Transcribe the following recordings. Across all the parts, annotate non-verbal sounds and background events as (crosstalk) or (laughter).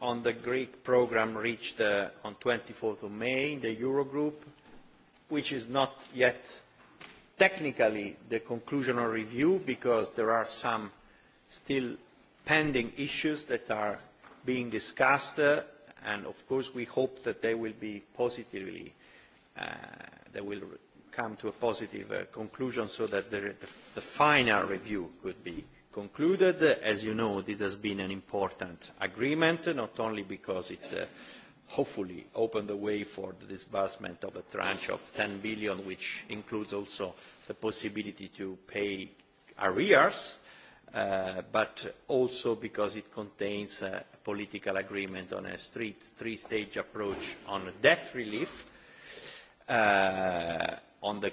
on the Greek programme reached uh, on 24th of May in the Eurogroup, which is not yet technically the conclusion or review because there are some still pending issues that are being discussed uh, and of course we hope that they will be positively, uh, they will come to a positive conclusion so that the, the, the final review could be concluded. As you know, this has been an important agreement, not only because it uh, hopefully opened the way for the disbursement of a tranche of 10 billion, which includes also the possibility to pay arrears, uh, but also because it contains a political agreement on a three-stage approach on debt relief, uh, on the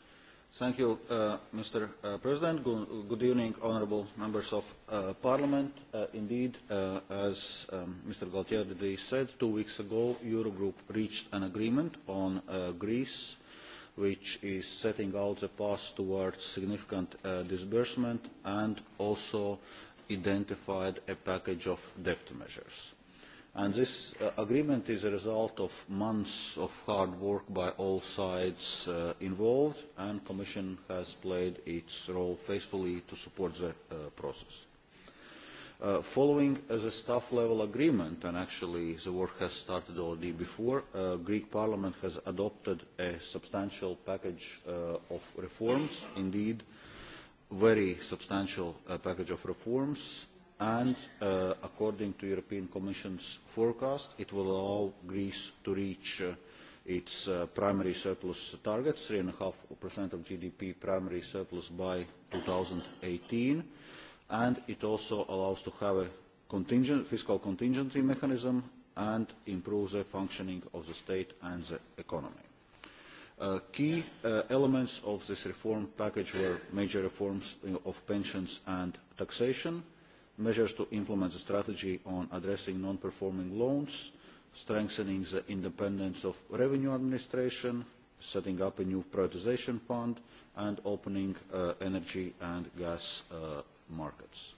Thank you, uh, Mr. Uh, President. Good, evening, honourable members of uh, Parliament. indeed, as Mr. Um, Gaultier said, two weeks ago, Eurogroup reached an agreement on Greece, which is setting out the path towards significant disbursement and also identified a package of debt measures and this uh, agreement is a result of months of hard work by all sides uh, involved and the commission has played its role faithfully to support the uh, process. following the staff level agreement and actually the work has started already before the greek parliament has adopted a substantial package of reforms indeed a very substantial package of reforms and uh, according to European Commission's forecast, it will allow Greece to reach uh, its uh, primary surplus target, 3.5% of GDP primary surplus by 2018, and it also allows to have a contingent, fiscal contingency mechanism and improve the functioning of the state and the economy. key elements of this reform package were major reforms of pensions and taxation, measures to implement the strategy on addressing non-performing loans, strengthening the independence of revenue administration, setting up a new privatization fund, and opening uh, energy and gas uh, markets.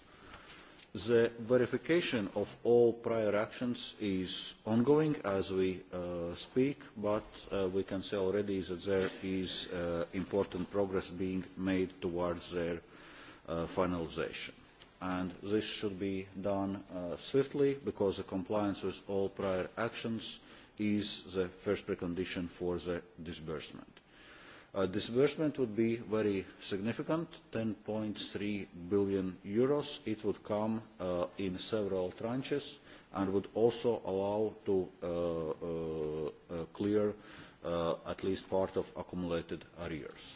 The verification of all prior actions is ongoing as we uh, speak, but we can say already that there is important progress being made towards their finalization and this should be done uh, swiftly because the compliance with all prior actions is the first precondition for the disbursement. Uh, disbursement would be very significant, 10.3 billion euros. It would come uh, in several tranches and would also allow to uh, clear at least part of accumulated arrears.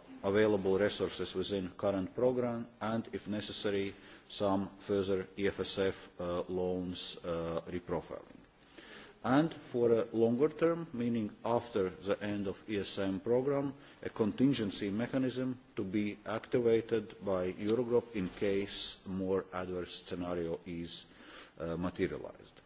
available resources within current programme and, if necessary, some further EFSF uh, loans uh, reprofiling. And for a longer term, meaning after the end of ESM programme, a contingency mechanism to be activated by Eurogroup in case more adverse scenario is uh, materialised.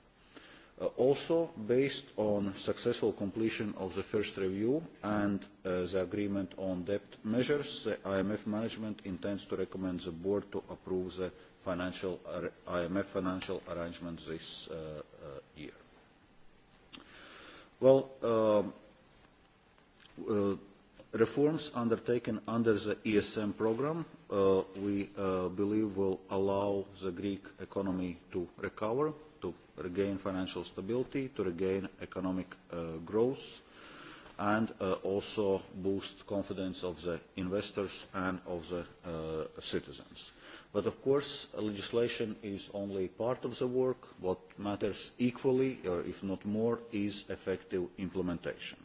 Uh, also based on successful completion of the first review and uh, the agreement on debt measures, the IMF management intends to recommend the board to approve the financial, IMF financial arrangement this uh, year. Well, um, reforms undertaken under the ESM program we believe will allow the Greek economy to recover regain financial stability, to regain economic uh, growth, and uh, also boost confidence of the investors and of the uh, citizens. But of course, legislation is only part of the work. What matters equally, or if not more, is effective implementation.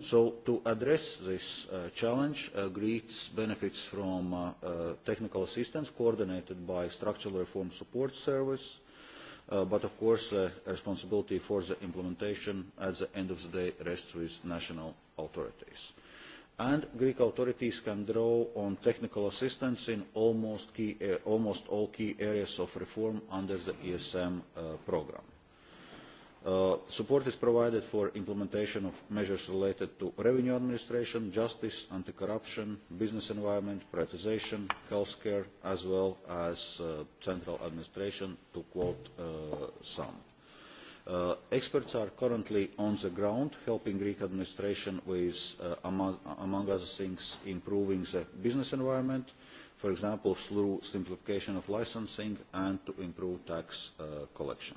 So to address this uh, challenge, uh, Greece benefits from uh, uh, technical assistance coordinated by Structural Reform Support Service, Uh, but of course the uh, responsibility for the implementation at the end of the day rests with national authorities. And Greek authorities can draw on technical assistance in almost, key, uh, almost all key areas of reform under the ESM programme. Uh, support is provided for implementation of measures related to revenue administration, justice, anti corruption, business environment, privatisation, healthcare, care, as well as uh, central administration, to quote uh, some. Experts are currently on the ground helping Greek administration with among, among other things improving the business environment, for example through simplification of licensing and to improve tax collection.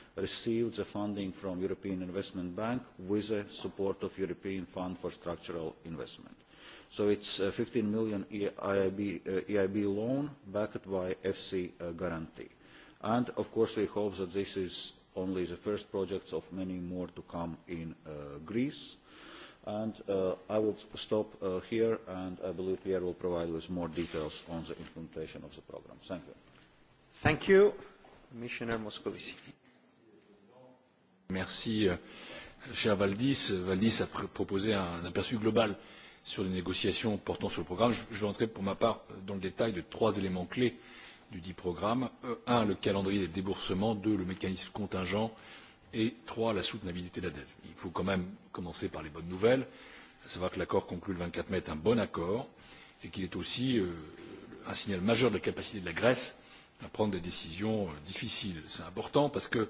received the funding from the European Investment Bank with the support of the European Fund for Structural Investment. So it's a 15 million EIB, uh, EIB loan backed by FC uh, guarantee. And of course we hope that this is only the first project of many more to come in uh, Greece. And I will stop here and I believe Pierre will provide with more details on the implementation of the program. Thank you. Thank you, Commissioner Moscovici. Merci, euh, cher Valdis. Valdis a proposé un aperçu global sur les négociations portant sur le programme. Je rentrerai pour ma part euh, dans le détail de trois éléments clés du dit programme. Euh, un, le calendrier des déboursements. Deux, le mécanisme contingent. Et trois, la soutenabilité de la dette. Il faut quand même commencer par les bonnes nouvelles, à savoir que l'accord conclu le 24 mai est un bon accord et qu'il est aussi un signal majeur de la capacité de la Grèce à prendre des décisions difficiles. C'est important parce que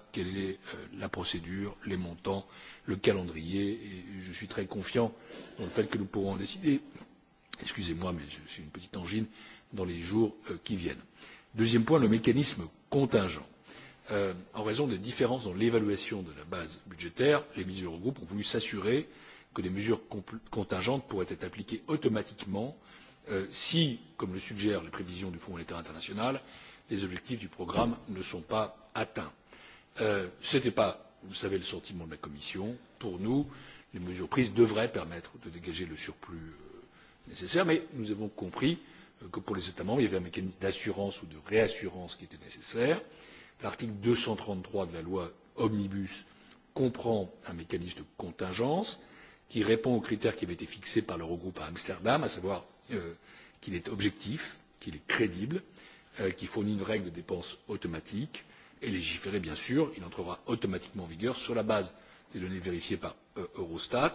quelle est euh, la procédure les montants le calendrier et je suis très confiant dans le fait que nous pourrons en décider excusez moi mais j'ai une petite angine dans les jours euh, qui viennent. deuxième point le mécanisme contingent. Euh, en raison des différences dans l'évaluation de la base budgétaire les ministres de l'eurogroupe ont voulu s'assurer que des mesures contingentes pourraient être appliquées automatiquement si comme le suggèrent les prévisions du fonds monétaire international les objectifs du programme ne sont pas atteints. Euh, ce n'était pas vous savez le sentiment de la commission. pour nous les mesures prises devraient permettre de dégager le surplus euh, nécessaire mais nous avons compris euh, que pour les états membres il y avait un mécanisme d'assurance ou de réassurance qui était nécessaire. l'article deux cent trente trois de la loi omnibus comprend un mécanisme de contingence qui répond aux critères qui avaient été fixés par l'eurogroupe à amsterdam à savoir qu'il est objectif qu'il est crédible qu'il fournit une règle de dépenses automatique et légiférer bien sûr il entrera automatiquement en vigueur sur la base des données vérifiées par euh, eurostat.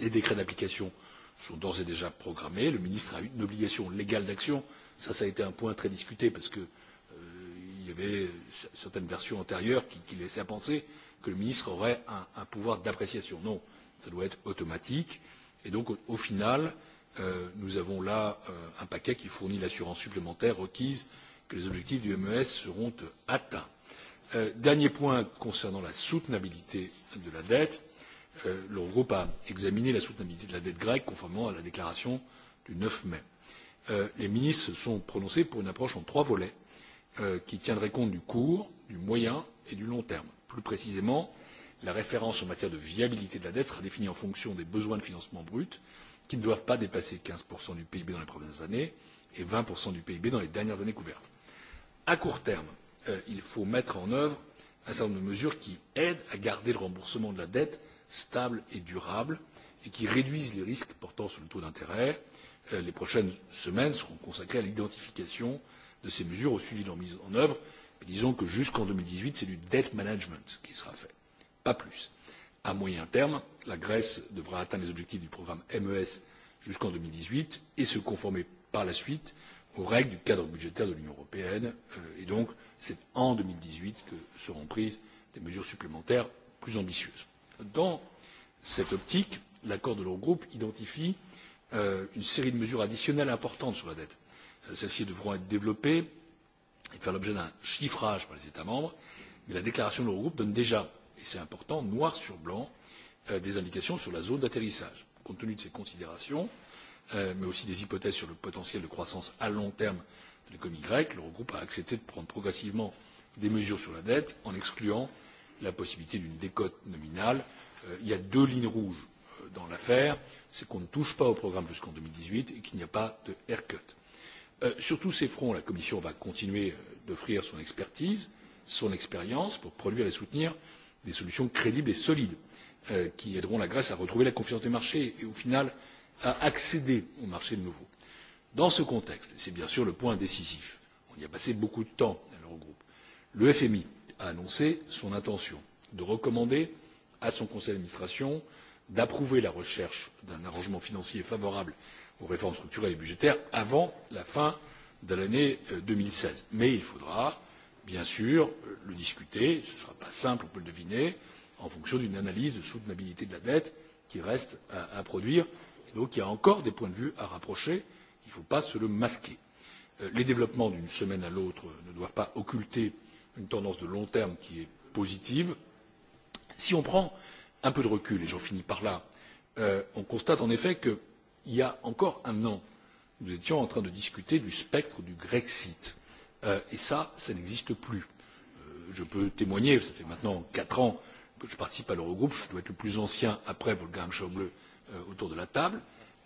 les décrets d'application sont d'ores et déjà programmés le ministre a une obligation légale d'action cela a été un point très discuté parce qu'il euh, y avait certaines versions antérieures qui, laissaient à penser que le ministre aurait un, un pouvoir d'appréciation. non cela doit être automatique et donc au, final euh, nous avons là un paquet qui fournit l'assurance supplémentaire requise que les objectifs du mes seront atteints. Euh, dernier point concernant la soutenabilité de la dette euh, l'eurogroupe a examiné la soutenabilité de la dette grecque conformément à la déclaration du neuf mai. Euh, les ministres se sont prononcés pour une approche en trois volets qui tiendrait compte du court du moyen et du long terme. plus précisément la référence en matière de viabilité de la dette sera définie en fonction des besoins de financement brut qui ne doivent pas dépasser quinze du pib dans les premières années et vingt du pib dans les dernières années couvertes à court terme euh, il faut mettre en œuvre un certain nombre de mesures qui aident à garder le remboursement de la dette stable et durable et qui réduisent les risques portant sur le taux d'intérêt. Euh, les prochaines semaines seront consacrées à l'identification de ces mesures au suivi de leur mise en œuvre disons que jusqu'en deux mille dix huit c'est du debt management qui sera fait pas plus. à moyen terme la grèce devra atteindre les objectifs du programme mes jusqu'en deux mille dix huit et se conformer par la suite aux règles du cadre budgétaire de l'union européenne euh, et donc c'est en deux mille dix huit que seront prises des mesures supplémentaires plus ambitieuses. dans cette optique l'accord de l'eurogroupe identifie euh, une série de mesures additionnelles importantes sur la dette. Euh, celles ci devront être développées et faire l'objet d'un chiffrage par les états membres mais la déclaration de l'eurogroupe donne déjà et c'est important noir sur blanc des indications sur la zone d'atterrissage. compte tenu de ces considérations Euh, mais aussi des hypothèses sur le potentiel de croissance à long terme de l'économie grecque l'eurogroupe a accepté de prendre progressivement des mesures sur la dette en excluant la possibilité d'une décote nominale. Euh, il y a deux lignes rouges euh, dans l'affaire c'est qu'on ne touche pas au programme jusqu'en deux mille dix huit et qu'il n'y a pas de haircut. sur tous ces fronts la commission va continuer d'offrir son expertise son expérience pour produire et soutenir des solutions crédibles et solides qui aideront la grèce à retrouver la confiance des marchés et au final à accéder aux marchés nouveaux. dans ce contexte et c'est bien sûr le point décisif on y a passé beaucoup de temps à l'eurogroupe le fmi a annoncé son intention de recommander à son conseil d'administration d'approuver la recherche d'un arrangement financier favorable aux réformes structurelles et budgétaires avant la fin de l'année euh, deux mille seize mais il faudra bien sûr euh, le discuter ce ne sera pas simple on peut le deviner en fonction d'une analyse de soutenabilité de la dette qui reste à produire donc il y a encore des points de vue à rapprocher il ne faut pas se le masquer. Euh, les développements d'une semaine à l'autre ne doivent pas occulter une tendance de long terme qui est positive. si on prend un peu de recul et j'en finis par là euh, on constate en effet qu'il y a encore un an nous étions en train de discuter du spectre du grexit euh, et cela ça n'existe plus. je peux témoigner cela fait maintenant quatre ans que je participe à l'eurogroupe je dois être le plus ancien après wolfgang schuble Euh, autour de la table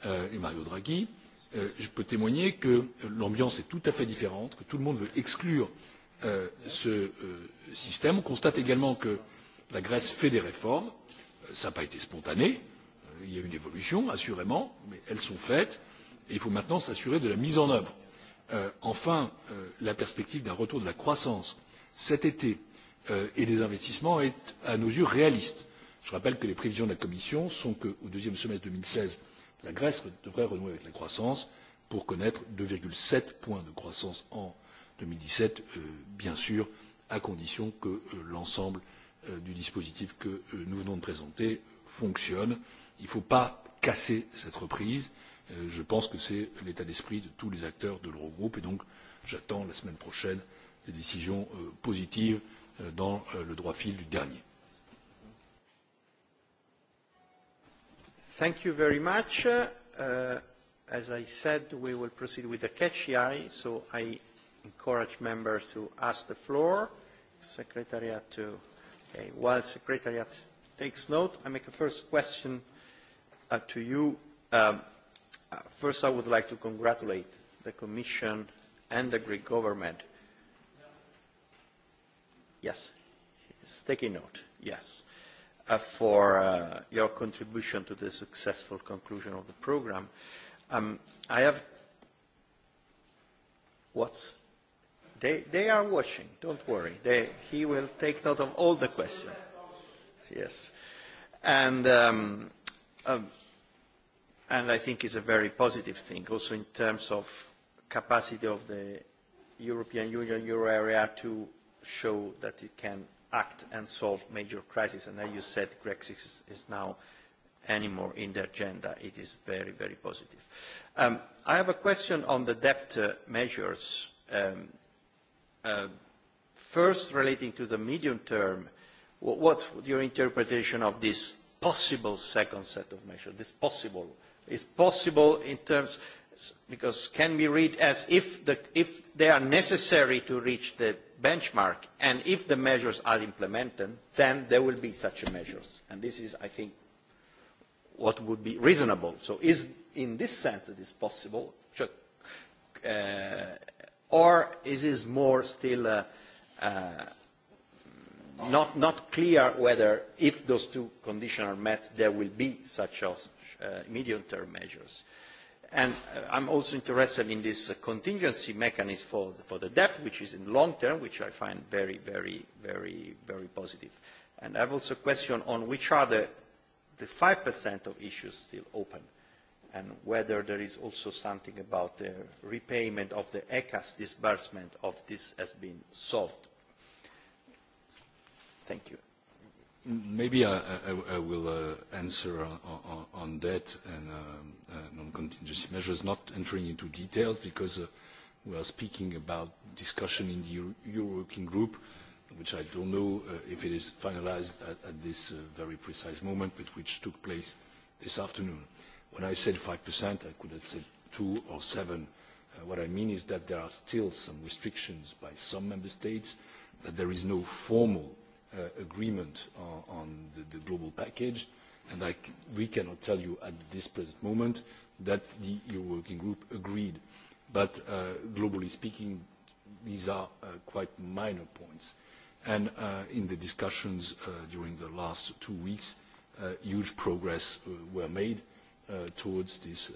et euh, mario draghi euh, je peux témoigner que l'ambiance est tout à fait différente que tout le monde veut exclure ce système. on constate également que la grèce fait des réformes cela n'a pas été spontané il y a une évolution assurément mais elles sont faites et il faut maintenant s'assurer de la mise en œuvre. enfin la perspective d'un retour de la croissance cet été et des investissements est à nos yeux réaliste je rappelle que les prévisions de la commission sont qu'au deuxième semestre deux mille seize la grèce devrait renouer avec la croissance pour connaître deux sept points de croissance en deux mille dix sept euh, bien sûr à condition que euh, l'ensemble euh, du dispositif que nous venons de présenter fonctionne. il ne faut pas casser cette reprise je pense que c'est l'état d'esprit de tous les acteurs de l'eurogroupe et donc j'attends la semaine prochaine des décisions positives dans le droit fil du dernier. Thank you very much. Uh, uh, as I said, we will proceed with the catch eye, so I encourage members to ask the floor. Secretariat to... Uh, okay, while Secretariat takes note, I make a first question to you. Um, first, I would like to congratulate the Commission and the Greek government. Yes, is taking note, yes. Uh, for uh, your contribution to the successful conclusion of the program. Um, I have... What? They, they are watching, don't worry. They, he will take note of all the questions. Yes. And, um, um, and I think it's a very positive thing, also in terms of capacity of the European Union, euro area to show that it can act and solve major crises. And as you said, Brexit is now anymore in the agenda. It is very, very positive. Um, I have a question on the debt uh, measures. Um, uh, first, relating to the medium term, what, what your interpretation of this possible second set of measures, this possible, is possible in terms because can be read as if, the, if they are necessary to reach the benchmark and if the measures are implemented, then there will be such measures. And this is, I think, what would be reasonable. So is in this sense it is possible, uh, or is it more still uh, uh, not, not clear whether if those two conditions are met, there will be such uh, medium-term measures and uh, I'm also interested in this uh, contingency mechanism for, the debt, which is in the long term, which I find very, very, very, very positive. And I have also a question on which are the, the 5% of issues still open and whether there is also something about the repayment of the ECAS disbursement of this has been solved. Thank you. Maybe I, will uh, answer on, that and um, contingency measures, not entering into details because uh, we are speaking about discussion in the Euro, working group, which I don't know uh, if it is finalized at, this uh, very precise moment, but which took place this afternoon. When I said 5%, I could have said 2 or 7. What I mean is that there are still some restrictions by some member states, that there is no formal agreement on, the, global package, and we cannot tell you at this present moment that the EU working group agreed. But uh, globally speaking, these are uh, quite minor points. And uh, in the discussions during the last two weeks, huge progress were made towards this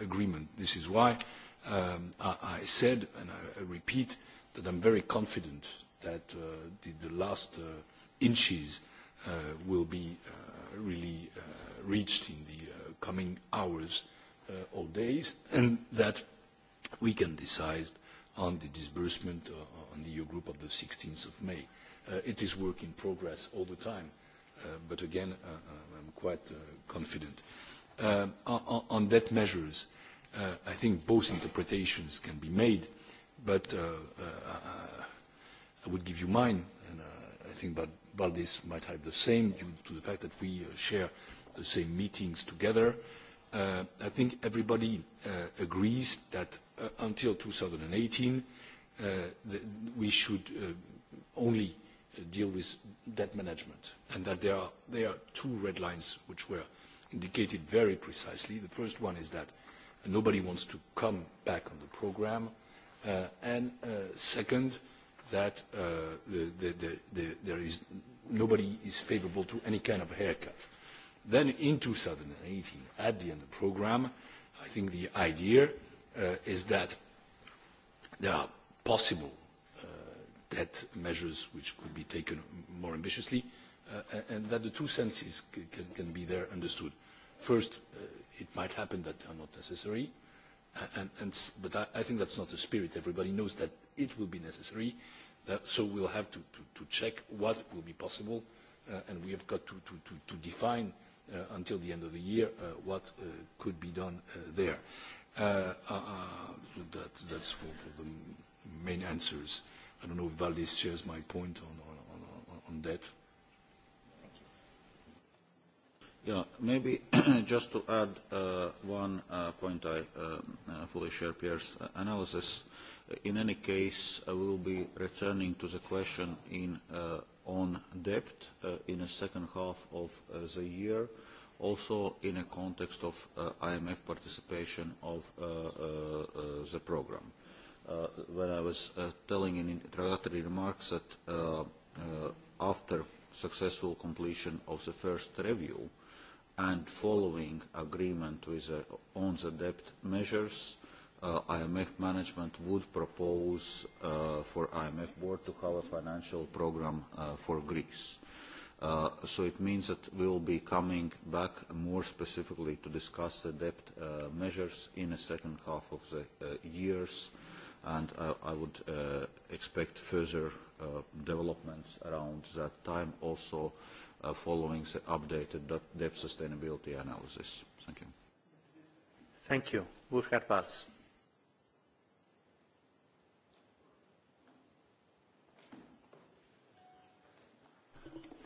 agreement. This is why um, I, said, and I, repeat, that I am very confident that the last inches will be really reached in the coming hours all uh, days and that we can decide on the disbursement uh, on the EU group of the 16th of May. Uh, it is work in progress all the time, but again, I'm quite confident. On debt measures, I think both interpretations can be made, but I would give you mine, and I think Valdis might have the same due to the fact that we share the same meetings together. Uh, I think everybody uh, agrees that uh, until 2018, eighteen we should only deal with debt management and that there are, two red lines which were indicated very precisely. The first one is that nobody wants to come back on the programme and second, that there is nobody is favourable to any kind of haircut Then in 2018, at the end of the programme, I think the idea uh, is that there are possible uh, debt measures which could be taken more ambitiously uh, and that the two senses can, can be there understood. First, it might happen that they are not necessary, and, but I, I think that's not the spirit. Everybody knows that it will be necessary, that, so we'll have to, to, check what will be possible, and we have got to, to define Uh, until the end of the year uh, what uh, could be done there. that's for, the main answers. I don't know if Valdis shares my point on, on, that. Yeah, maybe (clears throat) just to add one point, I fully share Pierre's analysis. In any case, I will be returning to the question in on debt uh, in the second half of uh, the year, also in a context of uh, IMF participation of the program. When I was telling in introductory remarks that after successful completion of the first review and following agreement on the debt measures, Uh, IMF management would propose uh, for IMF board to have a financial program uh, for Greece. Uh, so it means that we will be coming back more specifically to discuss the debt measures in the second half of the years and I would expect further developments around that time also following the updated debt sustainability analysis. Thank you. Thank you. Burkhard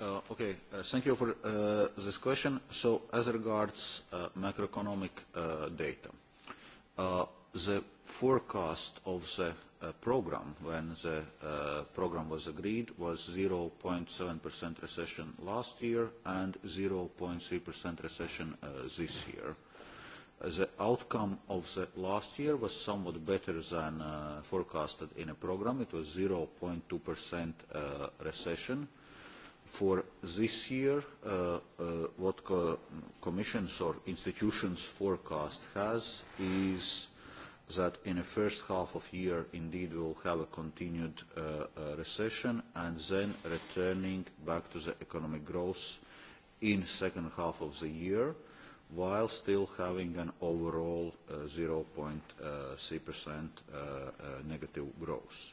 Uh, okay, uh, thank you for uh, this question. So as regards macroeconomic data, the forecast of the program when the program was agreed was 0.7% recession last year and 0.3% recession this year. The outcome of the last year was somewhat better than forecasted in a program. It was 0.2% recession for this year uh, uh, what co commissions or institutions forecast has is that in the first half of the year indeed we will have a continued uh, recession and then returning back to the economic growth in the second half of the year while still having an overall 0.3% negative growth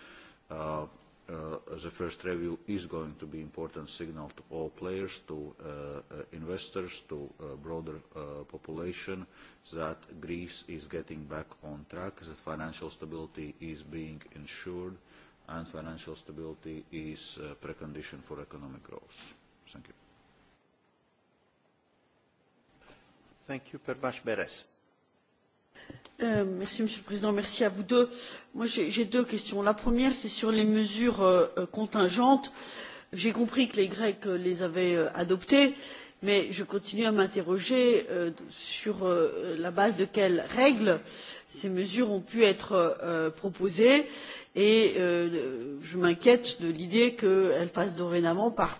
Uh, uh, the first review is going to be important signal to all players, to uh, investors, to broader population that Greece is getting back on track, that financial stability is being ensured and financial stability is a precondition for economic growth. Thank you. Thank you, Pervash Beres. Euh, Monsieur le Président, merci à vous deux. j'ai deux questions. La première, c'est sur les mesures euh, euh, contingentes. J'ai compris que les Grecs les avaient adoptées, mais je continue à m'interroger sur la base de quelles règles ces mesures ont pu être proposées et je m'inquiète de l'idée qu'elles passent dorénavant par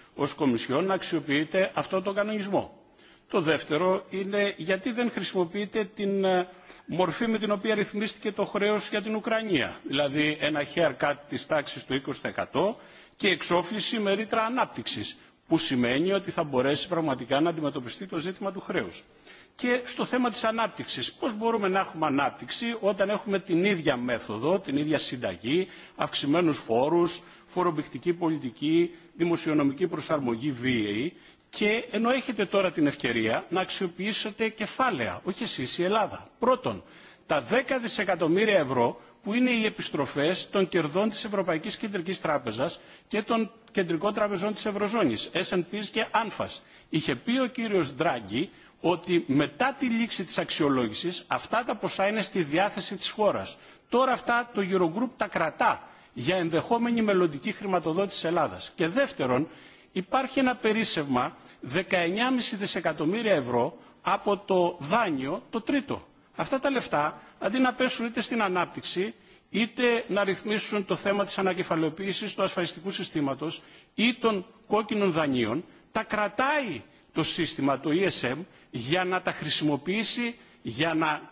ως Κομισιόν να αξιοποιείτε αυτό το κανονισμό. Το δεύτερο είναι γιατί δεν χρησιμοποιείτε την μορφή με την οποία ρυθμίστηκε το χρέος για την Ουκρανία. Δηλαδή ένα haircut της τάξης του 20% και εξόφληση με ρήτρα ανάπτυξης που σημαίνει ότι θα μπορέσει πραγματικά να αντιμετωπιστεί το ζήτημα του χρέους. Και στο θέμα της ανάπτυξης, πώς μπορούμε να έχουμε ανάπτυξη όταν έχουμε την ίδια μέθοδο, την ίδια συνταγή, αυξημένους φόρους, φορομπηκτική πολιτική, δημοσιονομική προσαρμογή βίαιη και ενώ έχετε τώρα την ευκαιρία να αξιοποιήσετε κεφάλαια, όχι εσείς η Ελλάδα. Πρώτον, τα 10 δισεκατομμύρια ευρώ που είναι οι επιστροφές των κερδών της Ευρωπαϊκής Κεντρικής Τράπεζας και των κεντρικών τραπεζών της Ευρωζώνης, S&P και ANFAS. Είχε πει ο κύριος Ντράγκη ότι μετά τη λήξη της αξιολόγησης αυτά τα ποσά είναι στη διάθεση της χώρας. Τώρα αυτά το Eurogroup τα κρατά για ενδεχόμενη μελλοντική χρηματοδότηση της Ελλάδας. Και δεύτερον, υπάρχει ένα περίσσευμα 19,5 δισεκατομμύρια ευρώ από το δάνειο το τρίτο Αυτά τα λεφτά, αντί να πέσουν είτε στην ανάπτυξη, είτε να ρυθμίσουν το θέμα της ανακεφαλαιοποίησης του ασφαλιστικού συστήματος ή των κόκκινων δανείων, τα κρατάει το σύστημα, το ESM, για να τα χρησιμοποιήσει, για να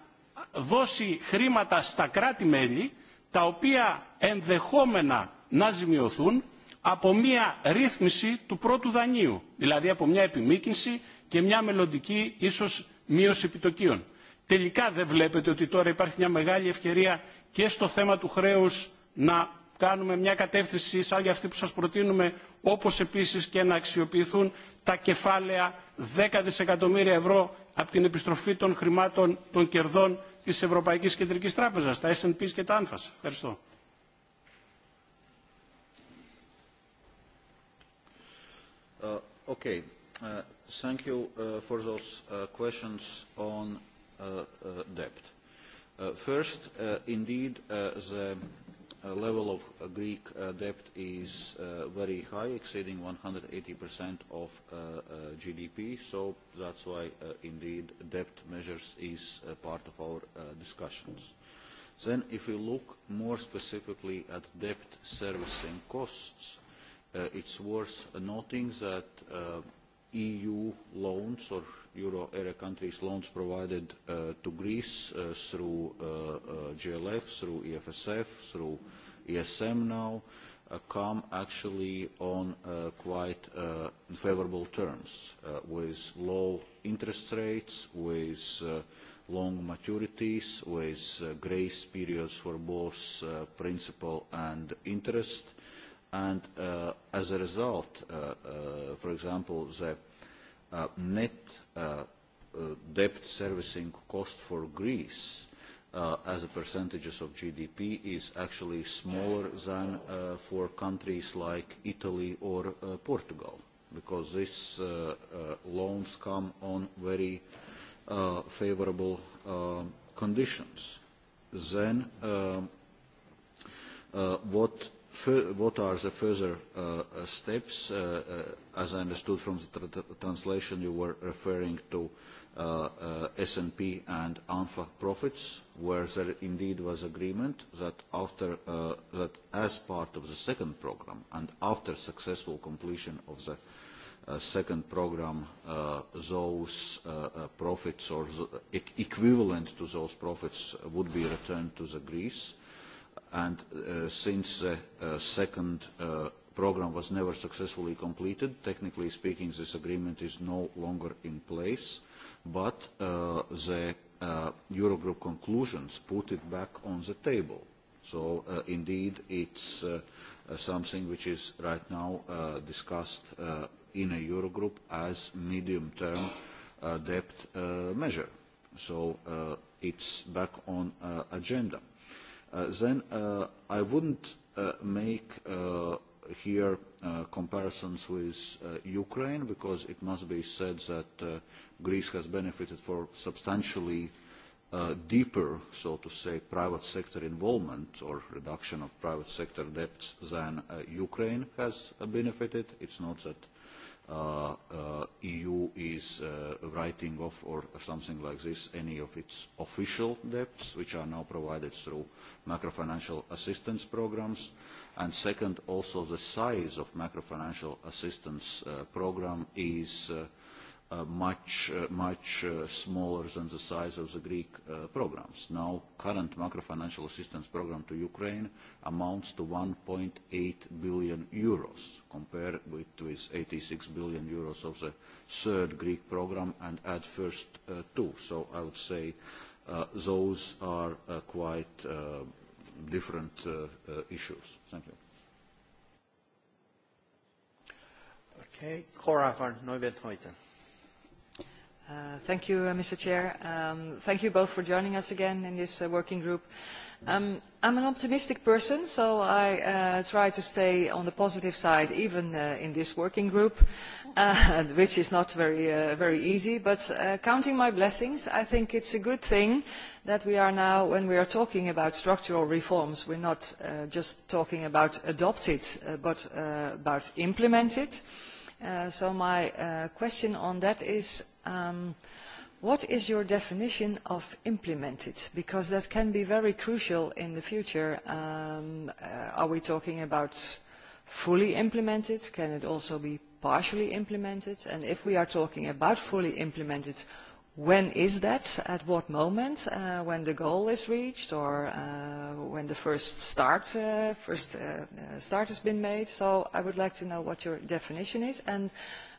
δώσει χρήματα στα κράτη-μέλη, τα οποία ενδεχόμενα να ζημιωθούν από μια ρύθμιση του πρώτου δανείου, δηλαδή από μια επιμήκυνση και μια μελλοντική ίσως μείωση επιτοκίων τελικά δεν βλέπετε ότι τώρα υπάρχει μια μεγάλη ευκαιρία και στο θέμα του χρέους να κάνουμε μια κατεύθυνση σαν για αυτή που σας προτείνουμε, όπως επίσης και να αξιοποιηθούν τα κεφάλαια 10 δισεκατομμύρια ευρώ από την επιστροφή των χρημάτων των κερδών της Ευρωπαϊκής Κεντρικής Τράπεζας, τα S&P και τα ΑΝΦΑΣ. Ευχαριστώ. Uh, okay. Uh, thank you uh, for those uh, questions on Uh, uh, debt. Uh, first, indeed, the level of Greek debt is very high, exceeding 180% of GDP, so that's why, indeed, debt measures is part of our discussions. Then, if we look more specifically at debt servicing costs, it's worth noting that EU loans or euro area countries loans provided uh, to Greece uh, through uh, uh GLF, through EFSF, through ESM now uh, come actually on uh, quite favorable terms with low interest rates, with long maturities, with grace periods for both principal and interest and uh, as a result uh, uh, for example the net debt servicing cost for greece as a percentage of gdp is actually smaller than for countries like italy or portugal because these loans come on very favourable conditions then um, what what are the further uh, uh, steps? Uh, as I understood from the translation, you were referring to S&P and ANFA profits, where there indeed was agreement that after that as part of the second program and after successful completion of the second program, those profits or equivalent to those profits would be returned to the Greece and uh, since the uh, uh, second programme was never successfully completed, technically speaking, this agreement is no longer in place, but the Eurogroup conclusions put it back on the table. So indeed, it's something which is right now discussed in a Eurogroup as medium-term debt measure. So it's back on agenda Uh, then uh, I wouldn't uh, make here comparisons with Ukraine because it must be said that Greece has benefited for substantially deeper, so to say, private sector involvement or reduction of private sector debts than Ukraine has benefited. It's not that uh, uh EU is uh, writing off or something like this any of its official debts, which are now provided through macrofinancial assistance programs. And second, also the size of macrofinancial assistance programme uh, program is Uh, much uh, much uh, smaller than the size of the Greek programs. Now, current macrofinancial assistance program to Ukraine amounts to 1.8 billion euros, compared with, with 86 billion euros of the third Greek program and at first two. So I would say those are quite different issues. Thank you. Okay, Cora von Uh, thank you, uh, Mr. Chair. Um, thank you both for joining us again in this uh, working group. I am um, an optimistic person, so I try to stay on the positive side, even in this working group, (laughs) which is not very, easy. But counting my blessings, I think it's a good thing that we are now, when we are talking about structural reforms, we are not just talking about adopted, but about implemented. So my question on that is um, what is your definition of implemented? Because that can be very crucial in the future. Um, uh, are we talking about fully implemented? Can it also be partially implemented? And if we are talking about fully implemented, when is that? At what moment? Uh, when the goal is reached or uh, when the first start, uh, first, start has been made? So I would like to know what your definition is. And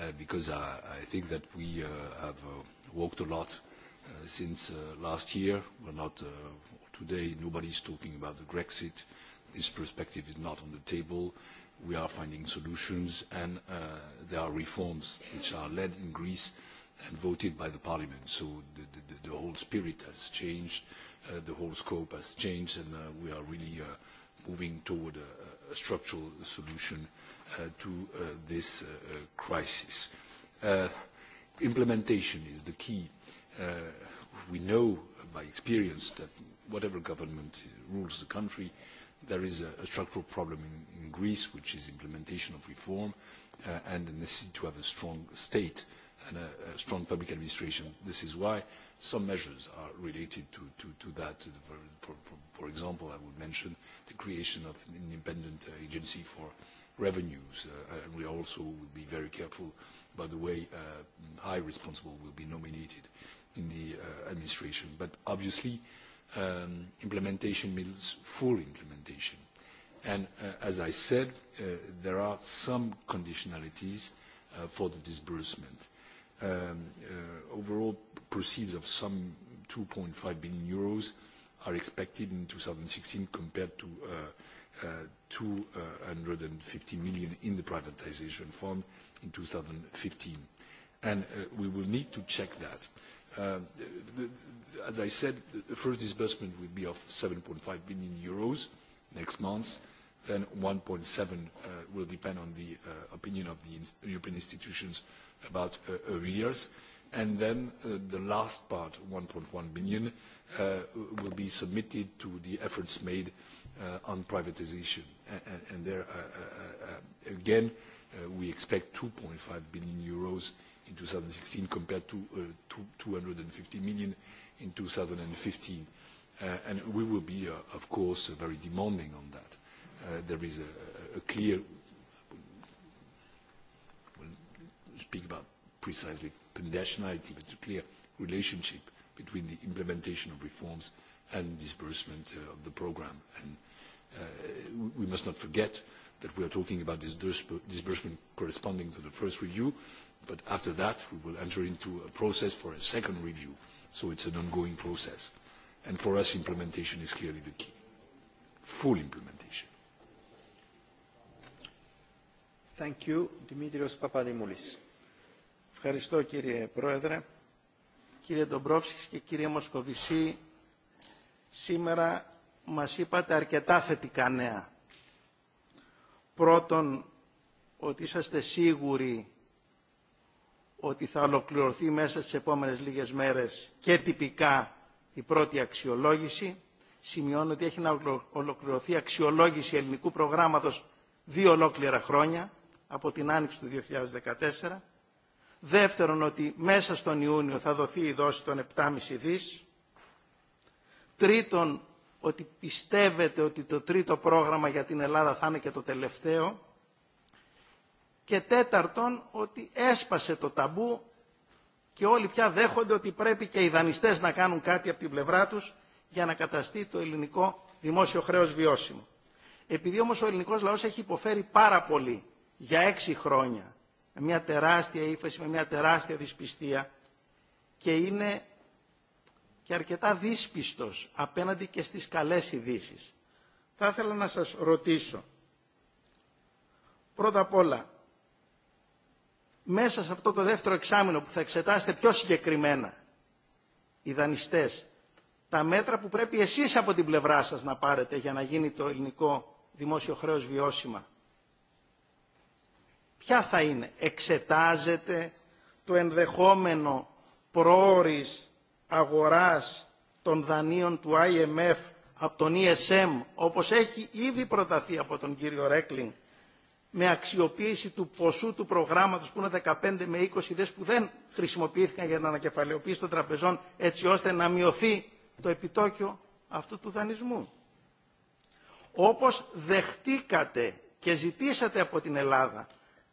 Uh, because I, think that we uh, have uh, worked a lot since last year. We're not today, nobody's talking about the Brexit. This perspective is not on the table. We are finding solutions, and there are reforms which are led in Greece and voted by the parliament. So the, whole spirit has changed, the whole scope has changed, and we are really moving toward a structural solution Uh, to uh, this uh, crisis. Implementation is the key. We know by experience that whatever government rules the country, there is a, structural problem in, Greece, which is implementation of reform and the necessity to have a strong state and a strong public administration. This is why some measures are related to, that. For, example, I would mention the creation of an independent uh, agency for revenues. Uh, and we also will be very careful by the way high uh, responsible will be nominated in the administration. But obviously, um, implementation means full implementation. And as I said, there are some conditionalities for the disbursement. Um, overall, proceeds of some 2.5 billion euros are expected in 2016 compared to 250 uh, uh, million in the privatization fund in 2015. And uh, we will need to check that. as I said, the first disbursement will be of 7.5 billion euros next month, then 1.7 billion will depend on the opinion of the European institutions about arrears and then uh, the last part 1.1 billion uh, will be submitted to the efforts made uh, on privatization and, there again we expect 2.5 billion euros in 2016 compared to, 250 million in 2015. and we will be, of course, very demanding on that. There is a, a clear... We'll speak about precisely nationality, but a clear relationship between the implementation of reforms and disbursement uh, of the programme. And uh, we must not forget that we are talking about this disbursement corresponding to the first review, but after that we will enter into a process for a second review. So it's an ongoing process. And for us, implementation is clearly the key. Full implementation. Thank you. Dimitrios Papadimoulis. Ευχαριστώ κύριε Πρόεδρε. Κύριε Ντομπρόφσκης και κύριε Μοσκοβισή, σήμερα μας είπατε αρκετά θετικά νέα. Πρώτον, ότι είσαστε σίγουροι ότι θα ολοκληρωθεί μέσα στις επόμενες λίγες μέρες και τυπικά η πρώτη αξιολόγηση. Σημειώνω ότι έχει να ολοκληρωθεί αξιολόγηση ελληνικού προγράμματος δύο ολόκληρα χρόνια από την άνοιξη του 2014 Δεύτερον, ότι μέσα στον Ιούνιο θα δοθεί η δόση των 7,5 δις. Τρίτον, ότι πιστεύετε ότι το τρίτο πρόγραμμα για την Ελλάδα θα είναι και το τελευταίο. Και τέταρτον, ότι έσπασε το ταμπού και όλοι πια δέχονται ότι πρέπει και οι δανειστές να κάνουν κάτι από την πλευρά τους για να καταστεί το ελληνικό δημόσιο χρέος βιώσιμο. Επειδή όμως ο ελληνικός λαός έχει υποφέρει πάρα πολύ για έξι χρόνια με μια τεράστια ύφεση, με μια τεράστια δυσπιστία και είναι και αρκετά δύσπιστος απέναντι και στις καλές ειδήσει. Θα ήθελα να σας ρωτήσω, πρώτα απ' όλα, μέσα σε αυτό το δεύτερο εξάμεινο που θα εξετάσετε πιο συγκεκριμένα, οι δανειστές, τα μέτρα που πρέπει εσείς από την πλευρά σας να πάρετε για να γίνει το ελληνικό δημόσιο χρέος βιώσιμα, ποια θα είναι. Εξετάζεται το ενδεχόμενο πρόορης αγοράς των δανείων του IMF από τον ESM, όπως έχει ήδη προταθεί από τον κύριο Ρέκλιν, με αξιοποίηση του ποσού του προγράμματος που είναι 15 με 20 δες που δεν χρησιμοποιήθηκαν για την ανακεφαλαιοποίηση των τραπεζών έτσι ώστε να μειωθεί το επιτόκιο αυτού του δανεισμού. Όπως δεχτήκατε και ζητήσατε από την Ελλάδα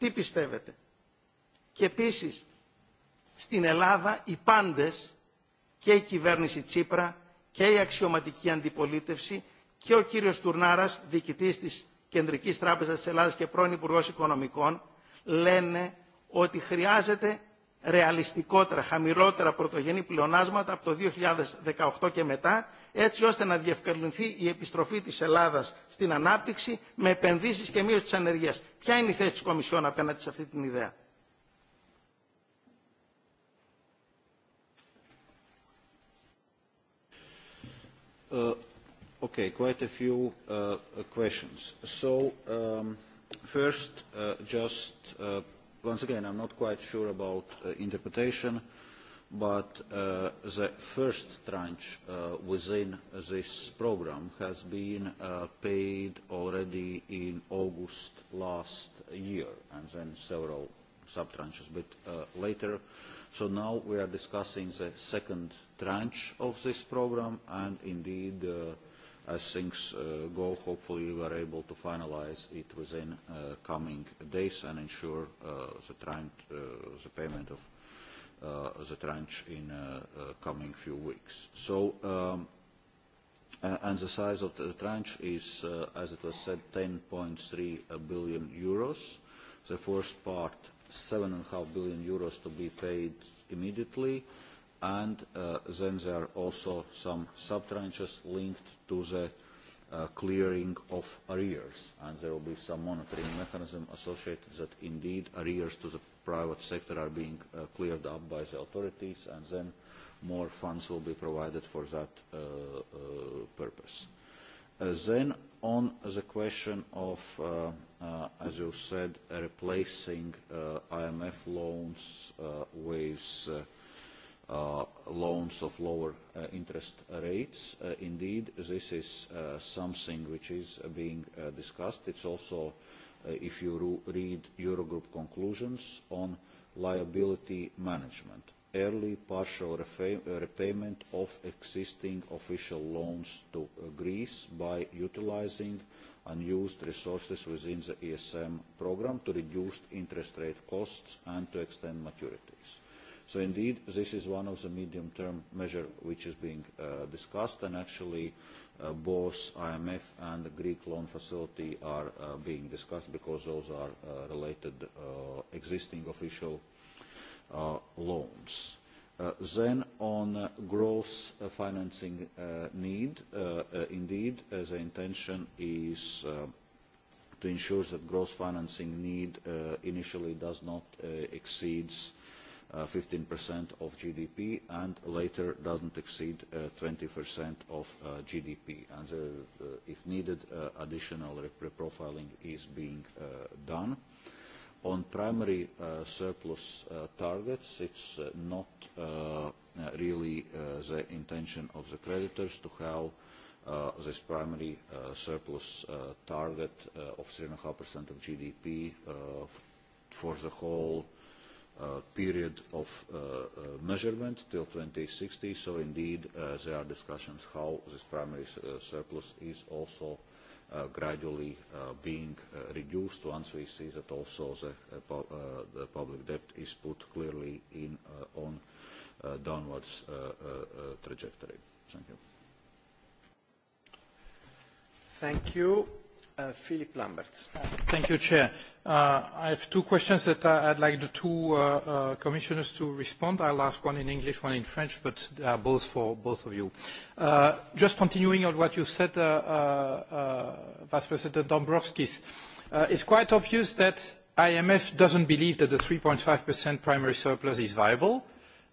Τι πιστεύετε. Και επίσης, στην Ελλάδα οι πάντες, και η κυβέρνηση Τσίπρα και η αξιωματική αντιπολίτευση και ο κύριος Τουρνάρας, διοικητής της Κεντρικής Τράπεζας της Ελλάδας και πρώην Υπουργός Οικονομικών, λένε ότι χρειάζεται ρεαλιστικότερα, χαμηλότερα πρωτογενή πλεονάσματα από το 2018 και μετά, έτσι ώστε να διευκολυνθεί η επιστροφή της Ελλάδας στην ανάπτυξη με επενδύσεις και μείωση της ανεργίας. Ποια είναι η θέση της Κομισιόν απέναντι σε αυτή την ιδέα. Uh, okay, quite a few uh, questions. So, um, first, uh, just uh, once again i'm not quite sure about uh, interpretation but uh, the first tranche uh, within this program has been paid already in august last year and then several sub tranches a bit later so now we are discussing the second tranche of this program and indeed as things uh, go, hopefully we are able to finalize it within uh, coming days and ensure uh, the, payment of the tranche in the coming few weeks. So, um, the size of the tranche is, as it was said, 10.3 billion euros. The first part, 7.5 billion euros to be paid immediately and uh, then there are also some sub-tranches linked to the uh, clearing of arrears, and there will be some monitoring mechanism associated that indeed arrears to the private sector are being uh, cleared up by the authorities, and then more funds will be provided for that purpose. Then on the question of, as you said, replacing IMF loans with Uh, loans of lower uh, interest rates. Uh, indeed, this is something which is being discussed. It's also, if you read Eurogroup conclusions on liability management, early partial repayment of existing official loans to Greece by utilizing unused resources within the ESM program to reduce interest rate costs and to extend maturities So indeed, this is one of the medium-term measures which is being uh, discussed, and actually uh, both IMF and the Greek loan facility are uh, being discussed because those are related existing official loans. Then on growth financing need, indeed, the intention is to ensure that growth financing need initially does not exceeds Uh, fifteen 15% of GDP and later doesn't exceed uh, 20% of uh, GDP. And if needed, uh, additional reprofiling is being done. On primary surplus targets, it's uh, not really the intention of the creditors to have this primary surplus target of 3.5% of GDP for the whole Uh, period of uh, uh, measurement till 2060. So indeed, there are discussions how this primary surplus is also gradually being reduced once we see that also the, the public debt is put clearly in on downwards trajectory. Thank you. Thank you. Mr uh, Philip Lamberts. Uh, I have two questions that I, would like the two uh, commissioners to respond. I'll ask one in English, one in French, but they are both for both of you. Just continuing on what you said, Vice President Dombrovskis, it's quite obvious that IMF doesn't believe that the 3.5% primary surplus is viable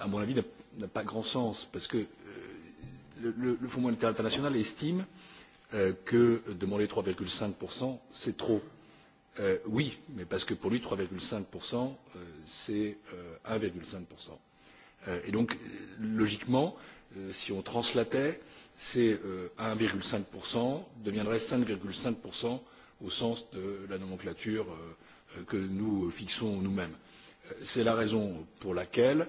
à mon avis, n'a pas grand sens, parce que euh, le, Fonds monétaire international estime euh, que demander 3,5%, c'est trop. Euh, oui, mais parce que pour lui, 3,5%, c'est 1,5%. Et donc, logiquement, si on translatait, c'est 1,5%, deviendrait 5,5% au sens de la nomenclature que nous fixons nous-mêmes. C'est la raison pour laquelle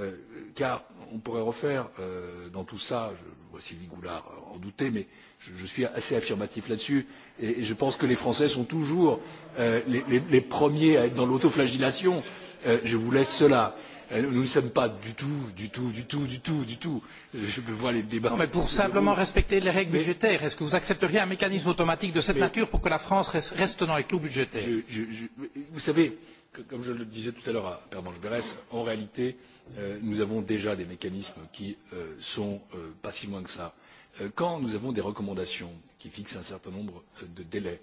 Euh, car on pourrait refaire euh, dans tout cela sylvie goulard en douter mais je, suis assez affirmatif là dessus et, je pense que les français sont toujours euh, les, les, premiers à être dans l'autoflagellation je vous laisse cela nous ne sommes pas du tout du tout du tout du tout du tout je vois les débats non, mais pour simplement respecter les règles budgétaires est ce que vous accepteriez un mécanisme automatique de cette nature pour que la france reste dans les clous budgétaires vous savez comme je le disais tout à l'heure à Pervenche Berès, en réalité, euh, nous avons déjà des mécanismes qui euh, sont euh, pas si loin que ça. Quand nous avons des recommandations qui fixent un certain nombre de délais,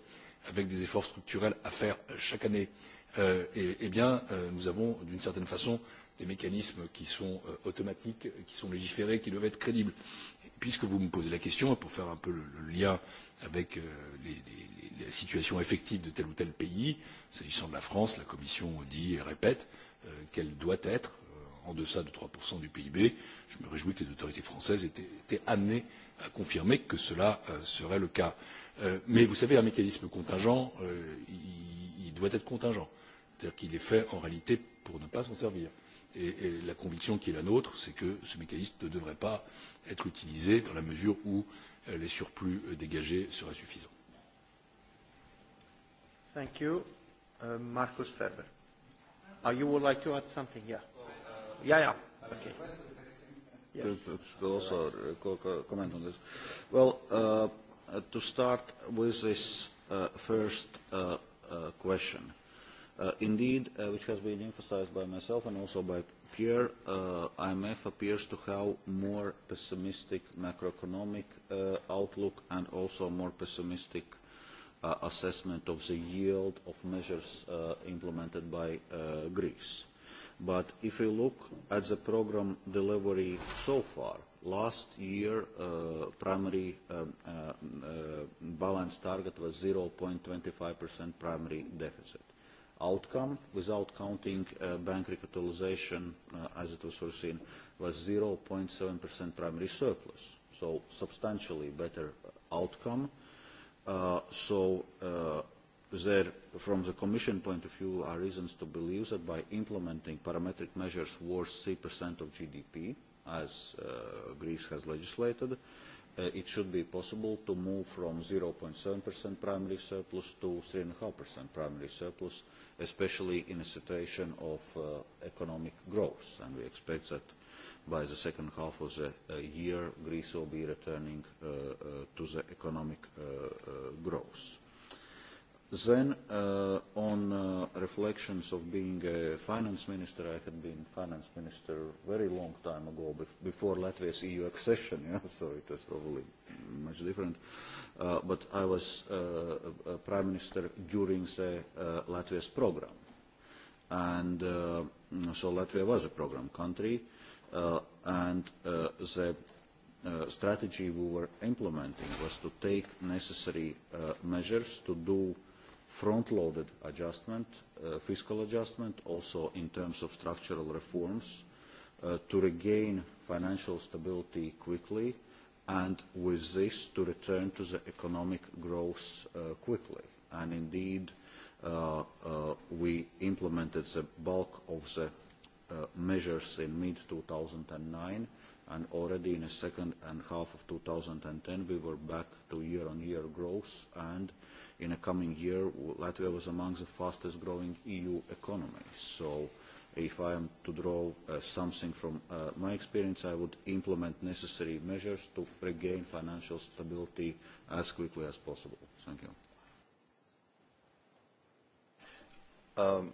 avec des efforts structurels à faire chaque année, eh bien, nous avons d'une certaine façon des mécanismes qui sont automatiques, qui sont légiférés, qui doivent être crédibles. puisque vous me posez la question, pour faire un peu le lien avec les la situation effective de tel ou tel pays. S'agissant de la France, la Commission dit et répète euh, qu'elle doit être euh, en deçà de 3% du PIB. Je me réjouis que les autorités françaises aient été amenées à confirmer que cela euh, serait le cas. Mais vous savez, un mécanisme contingent, il doit être contingent. C'est-à-dire qu'il est fait en réalité pour ne pas s'en servir. Et, et la conviction qui est la nôtre, c'est que ce mécanisme ne devrait pas être utilisé dans la mesure où les surplus dégagés seraient suffisants. Thank you. Uh, Markus Ferber. Oh, you would like to add something? Yeah. Yeah, Okay. Yes. also comment on this. Well, uh, to start with this uh, first uh, question. indeed, which has been emphasized by myself and also by Pierre, IMF appears to have more pessimistic macroeconomic outlook and also more pessimistic Uh, assessment of the yield of measures uh, implemented by uh, Greece. But if you look at the program delivery so far, last year primary um, balance target was 0.25% primary deficit. Outcome, without counting bank recapitalization as it was foreseen, was 0.7% primary surplus. So substantially better outcome Uh, so uh, there, from the Commission point of view, are reasons to believe that by implementing parametric measures worth 3% of GDP, as uh, Greece has legislated, it should be possible to move from 0.7% primary surplus to 3.5% primary surplus, especially in a situation of economic growth. And we expect that by the second half of the uh, year, Greece will be returning uh, uh, to the economic growth. Then uh, on uh, reflections of being a finance minister, I had been finance minister very long time ago, bef before Latvia's EU accession, (laughs) yeah, so it was probably much different. Uh, but I was uh, a prime minister during the uh, Latvia's program. And uh, so Latvia was a program country Uh, and uh, the uh, strategy we were implementing was to take necessary measures to do front loaded adjustment fiscal adjustment also in terms of structural reforms to regain financial stability quickly and with this to return to the economic growth quickly and indeed we implemented the bulk of the Uh, measures in mid-2009, and already in the second and half of 2010, we were back to year-on-year growth, and in the coming year, Latvia was among the fastest-growing EU economies. So if I am to draw uh, something from uh, my experience, I would implement necessary measures to regain financial stability as quickly as possible. Thank you. Um,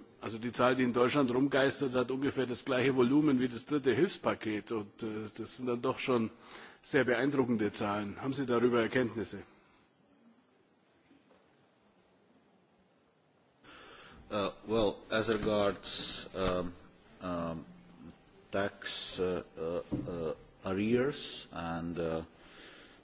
Also die Zahl, die in Deutschland rumgeistert, hat ungefähr das gleiche Volumen wie das dritte Hilfspaket. Und äh, das sind dann doch schon sehr beeindruckende Zahlen. Haben Sie darüber Erkenntnisse? Uh, well, as regards um, um tax uh, uh, arrears and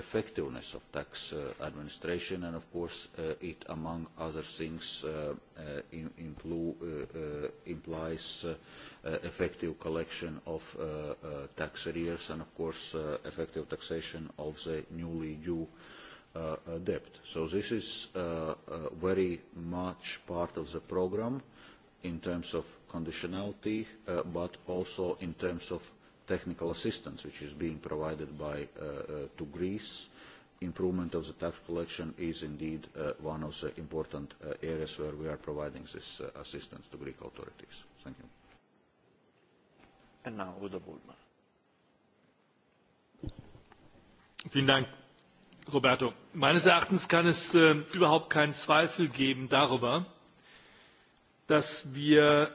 effectiveness of tax uh, administration and of course uh, it among other things uh, in, implies effective collection of tax arrears and of course effective taxation of the newly due debt. So this is very much part of the program in terms of conditionality but also in terms of technical assistance which is being provided by uh, uh, to Greece improvement of the tax collection is indeed uh, one of the important areas where we are providing this assistance to Greek authorities thank you and now Udo Vielen Dank Roberto meines Erachtens kann es äh, überhaupt keinen Zweifel geben darüber dass wir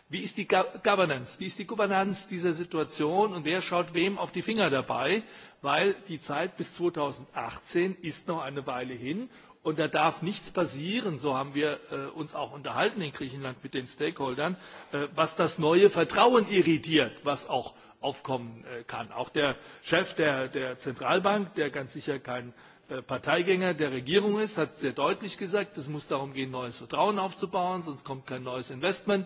wie ist die governance wie ist die governance dieser situation und wer schaut wem auf die finger dabei weil die zeit bis 2018 ist noch eine weile hin und da darf nichts passieren so haben wir äh, uns auch unterhalten in griechenland mit den stakeholdern äh, was das neue vertrauen irritiert was auch aufkommen äh, kann. auch der chef der, der zentralbank der ganz sicher kein parteigänger der regierung ist hat sehr deutlich gesagt es muss darum gehen neues vertrauen aufzubauen sonst kommt kein neues investment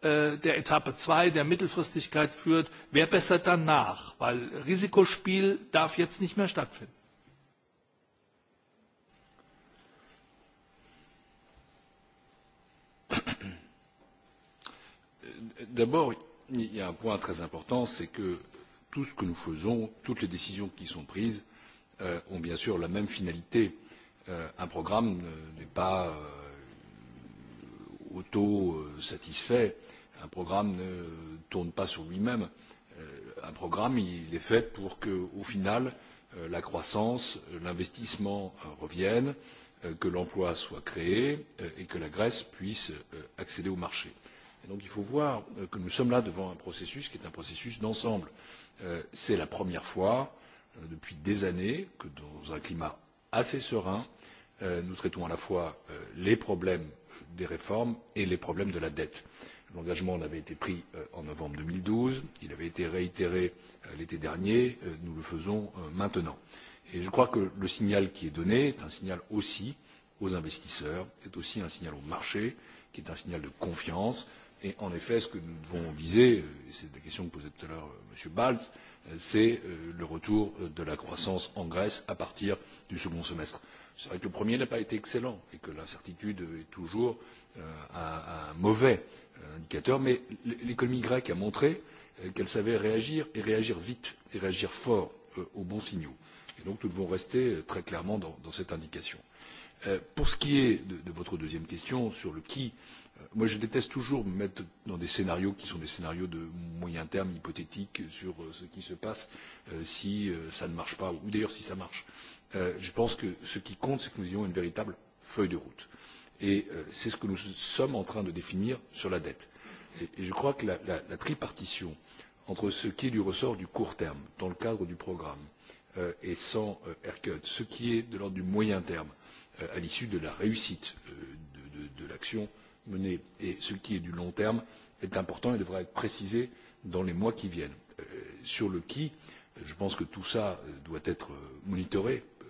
Äh, der Etappe 2 der Mittelfristigkeit führt, wer bessert danach? Weil Risikospiel darf jetzt nicht mehr stattfinden. Äh, d'abord, il y a un point très important, c'est que tout ce que nous faisons, toutes les décisions qui sont prises, euh, ont bien sûr la même finalité. Euh, un programme euh, n'est pas plutôt euh, satisfait Un programme ne tourne pas sur lui-même. Euh, un programme, il est fait pour que, au final, euh, la croissance, l'investissement reviennent, que l'emploi soit créé et que la Grèce puisse accéder au marché. Et donc il faut voir que nous sommes là devant un processus qui est un processus d'ensemble. C'est la première fois depuis des années que dans un climat assez serein, nous traitons à la fois les problèmes des réformes et les problèmes de la dette. L'engagement avait été pris euh, en novembre 2012, il avait été réitéré euh, l'été dernier, euh, nous le faisons maintenant. Et je crois que le signal qui est donné est un signal aussi aux investisseurs, est aussi un signal au marché, qui est un signal de confiance. Et en effet, ce que nous devons viser, et c'est la question que posait tout à l'heure M. Balz, c'est le retour de la croissance en Grèce à partir du second semestre c'est vrai que le premier n'a pas été excellent et que l'incertitude est toujours euh, un, mauvais euh, indicateur mais l'économie grecque a montré euh, qu'elle savait réagir et réagir vite et réagir fort aux bons signaux et donc nous devons rester très clairement dans, cette indication. pour ce qui est de, de votre deuxième question sur le qui moi je déteste toujours me mettre dans des scénarios qui sont des scénarios de moyen terme hypothétiques sur ce qui se passe si ça ne marche pas ou d'ailleurs si ça marche. Euh, je pense que ce qui compte c'est que nous ayons une véritable feuille de route et euh, c'est ce que nous sommes en train de définir sur la dette. Et je crois que la, tripartition entre ce qui est du ressort du court terme dans le cadre du programme euh, et sans haircut ce qui est de l'ordre du moyen terme à l'issue de la réussite de, de l'action menée et ce qui est du long terme est important et devra être précisé dans les mois qui viennent. sur le qui je pense que tout cela doit être monitoré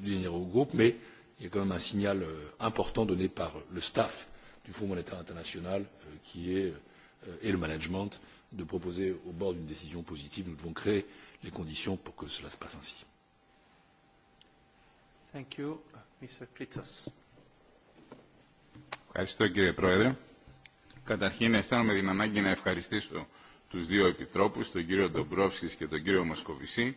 du Eurogroupe, mais il y a quand même un signal euh, important donné par le staff du Fonds monétaire international euh, qui est euh, et le management de proposer au bord d'une décision positive. Nous devons créer les conditions pour que cela se passe ainsi. Thank you. Mr. Ευχαριστώ κύριε Πρόεδρε. Καταρχήν αισθάνομαι την ανάγκη να ευχαριστήσω τους δύο επιτρόπους, τον κύριο Ντομπρόφσκης και τον κύριο Μοσκοβισή,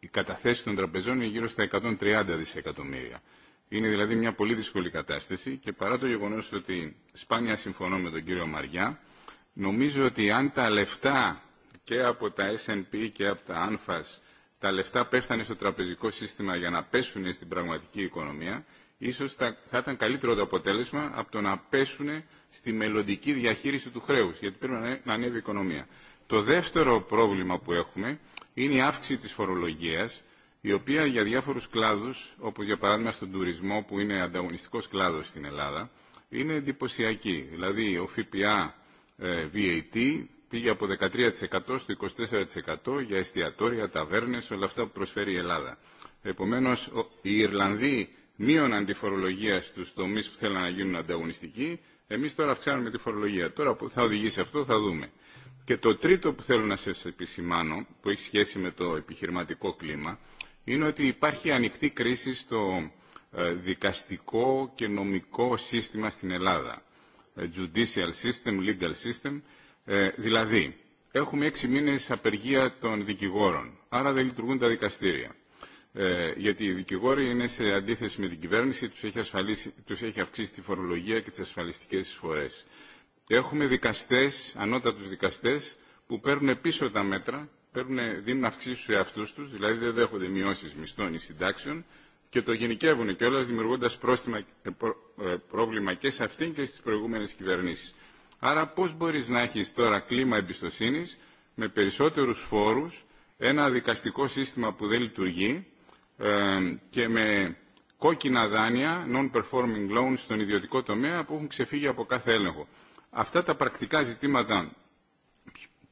οι καταθέσει των τραπεζών είναι γύρω στα 130 δισεκατομμύρια. Είναι δηλαδή μια πολύ δύσκολη κατάσταση και παρά το γεγονό ότι σπάνια συμφωνώ με τον κύριο Μαριά, νομίζω ότι αν τα λεφτά και από τα SNP και από τα ANFAS τα λεφτά πέφτανε στο τραπεζικό σύστημα για να πέσουν στην πραγματική οικονομία, ίσω θα, ήταν καλύτερο το αποτέλεσμα από το να πέσουν στη μελλοντική διαχείριση του χρέου, γιατί πρέπει να ανέβει η οικονομία. Το δεύτερο πρόβλημα που έχουμε είναι η αύξηση της φορολογίας, η οποία για διάφορους κλάδους, όπως για παράδειγμα στον τουρισμό που είναι ανταγωνιστικός κλάδος στην Ελλάδα, είναι εντυπωσιακή. Δηλαδή ο ΦΠΑ VAT πήγε από 13% στο 24% για εστιατόρια, ταβέρνες, όλα αυτά που προσφέρει η Ελλάδα. Επομένως, οι Ιρλανδοί μείωναν τη φορολογία στους τομείς που θέλαν να γίνουν ανταγωνιστικοί, εμείς τώρα αυξάνουμε τη φορολογία. Τώρα που θα οδηγήσει αυτό θα δούμε. Και το τρίτο που θέλω να σας επισημάνω, που έχει σχέση με το επιχειρηματικό κλίμα, είναι ότι υπάρχει ανοιχτή κρίση στο δικαστικό και νομικό σύστημα στην Ελλάδα. Judicial system, legal system. Δηλαδή, έχουμε έξι μήνες απεργία των δικηγόρων, άρα δεν λειτουργούν τα δικαστήρια. Ε, γιατί οι δικηγόροι είναι σε αντίθεση με την κυβέρνηση, τους έχει, ασφαλίσει, τους έχει αυξήσει τη φορολογία και τις ασφαλιστικές εισφορές έχουμε δικαστές, ανώτατους δικαστές, που παίρνουν πίσω τα μέτρα, παίρνουν, δίνουν αυξήσει στου εαυτού του, δηλαδή δεν δέχονται μειώσει μισθών ή συντάξεων και το γενικεύουν κιόλα δημιουργώντα πρόβλημα και σε αυτήν και στι προηγούμενε κυβερνήσει. Άρα, πώ μπορεί να έχει τώρα κλίμα εμπιστοσύνη με περισσότερου φόρου, ένα δικαστικό σύστημα που δεν λειτουργεί και με κόκκινα δάνεια, non-performing loans στον ιδιωτικό τομέα που έχουν ξεφύγει από κάθε έλεγχο αυτά τα πρακτικά ζητήματα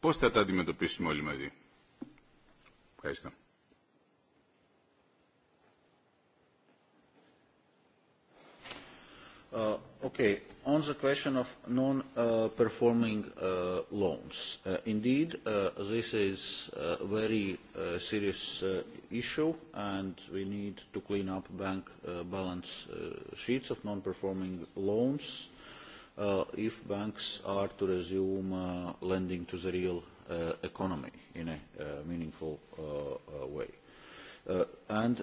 πώς θα τα αντιμετωπίσουμε όλοι μαζί. Ευχαριστώ. Uh, okay, on the question of non-performing uh, uh, loans, uh, indeed, uh, this is a very uh, serious uh, issue and we need to clean up bank uh, balance uh, sheets of non-performing loans Uh, if banks are to resume uh, lending to the real uh, economy in a meaningful way. And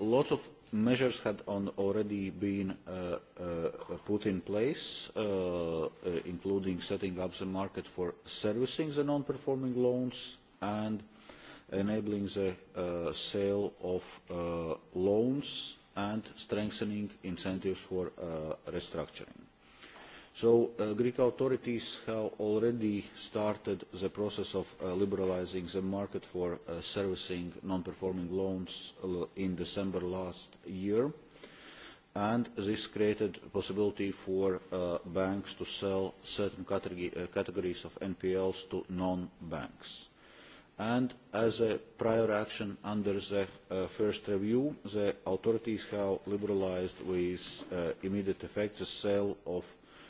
lots of measures had on already been put in place, including setting up the market for servicing the non performing loans and enabling the sale of loans and strengthening incentives for restructuring. So uh, Greek authorities have already started the process of uh, liberalizing the market for uh, servicing non-performing loans in December last year, and this created possibility for banks to sell certain categories of NPLs to non-banks. And as a prior action under the first review, the authorities have liberalized with immediate effect the sale of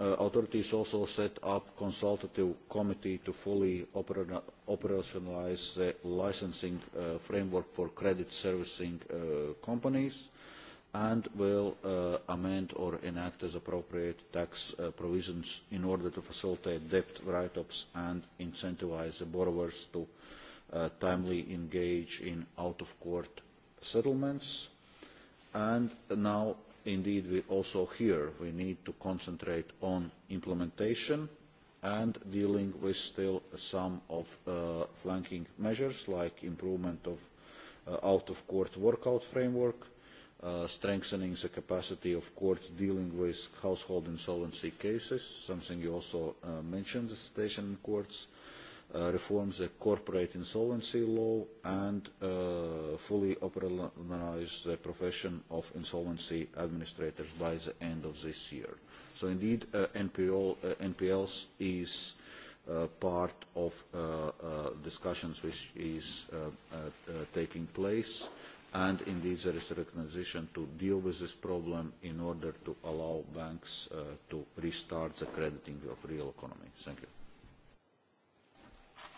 Uh, authorities also set up consultative committee to fully operationalise operationalize the licensing uh, framework for credit servicing uh, companies and will amend or enact as appropriate tax provisions in order to facilitate debt write-ups and incentivize the borrowers to timely engage in out-of-court settlements. And now indeed we also here we need to concentrate on implementation and dealing with still some of uh, flanking measures like improvement of uh, out of court workout framework uh, strengthening the capacity of courts dealing with household insolvency cases something you also mentioned the station courts Uh, reforms the corporate insolvency law and uh, fully operationalise the profession of insolvency administrators by the end of this year. So indeed, uh, NPLs is part of discussions which is taking place and indeed there is a recognition to deal with this problem in order to allow banks to restart the crediting of real economy. Thank you.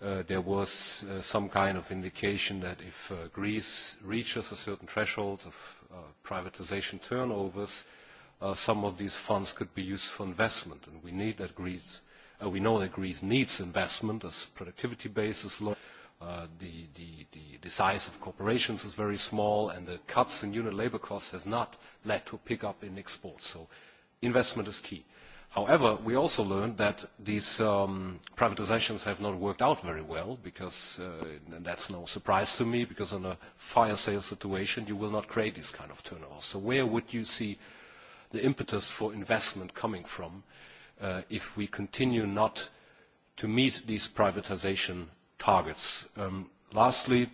Uh, there was uh, some kind of indication that if uh, Greece reaches a certain threshold of privatization turnovers, some of these funds could be used for investment. And we need that Greece, we know that Greece needs investment as productivity base is low. The, the, the, the size of corporations is very small, and the cuts in unit labor costs has not led to a pickup in exports. So investment is key. However, we also learned that these um, privatizations have not worked out very well because, uh, and that's no surprise to me, because in a fire sale situation, you will not create these kind of turnovers. So where would you see the impetus for investment coming from uh, if we continue not to meet these privatization targets? Um, lastly,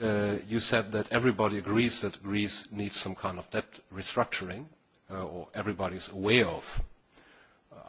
uh, you said that everybody agrees that Greece needs some kind of debt restructuring, uh, or everybody's aware of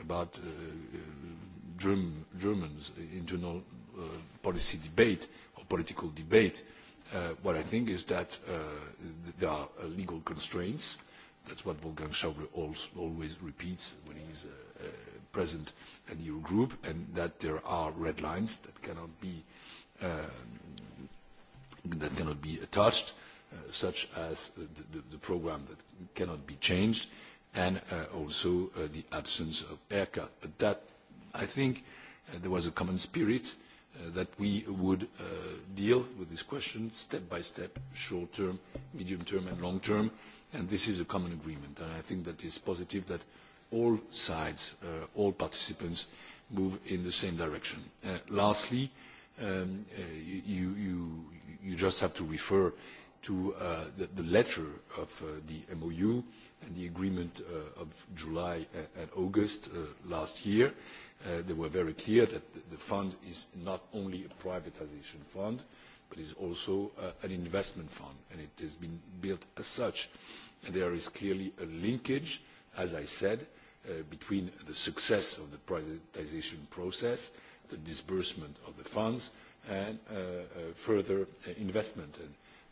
about uh, German Germans internal uh, policy debate or political debate. Uh, what I think is that there are legal constraints. that is what Wolfgang schuble always repeats when he is present at the Eurogroup, and that there are red lines that cannot be, um, that cannot be touched, such as the, programme that cannot be changed and uh, also uh, the absence of haircut. But that, I think, uh, there was a common spirit that we would deal with this question step by step, short term, medium term, and long term. And this is a common agreement. And I think that it's positive that all sides, all participants move in the same direction. Lastly, um, you, you, you just have to refer to the, the letter of the MOU and the agreement uh, of July and August uh, last year, uh, they were very clear that the fund is not only a privatisation fund, but is also an investment fund, and it has been built as such. there is clearly a linkage, as I said, between the success of the privatisation process, the disbursement of the funds, and further investment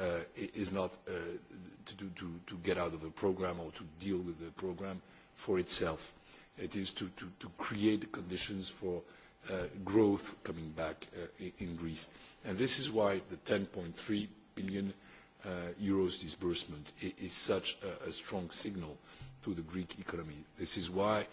Uh, is not uh, to, to, to get out of the programme or to deal with the programme for itself. It is to, to create conditions for uh, growth coming back in Greece. And this is why the 10.3 billion euros disbursement is such a, strong signal to the Greek economy. This is why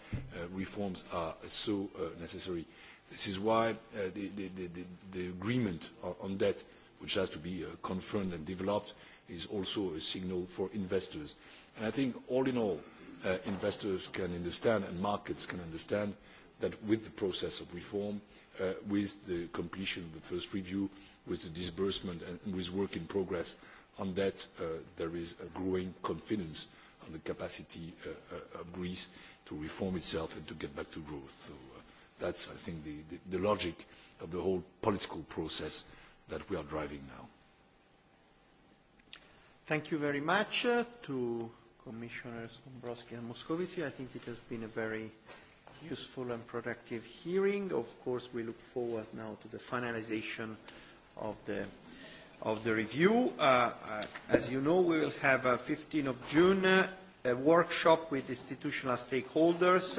reforms are so necessary. This is why the, the, the, the agreement on debt which has to be uh, confirmed and developed is also a signal for investors. And I think all in all, uh, investors can understand and markets can understand that with the process of reform, uh, with the completion of the first review, with the disbursement and with work in progress on that, there is a growing confidence on the capacity of Greece to reform itself and to get back to growth. So that's, I think, the, the, the logic of the whole political process that we are driving now. Thank you very much uh, to Commissioners Dombrovskis and Moscovici. I think it has been a very useful and productive hearing. Of course, we look forward now to the finalization of the, of the review. Uh, uh, as you know, we will have a 15 of June a workshop with institutional stakeholders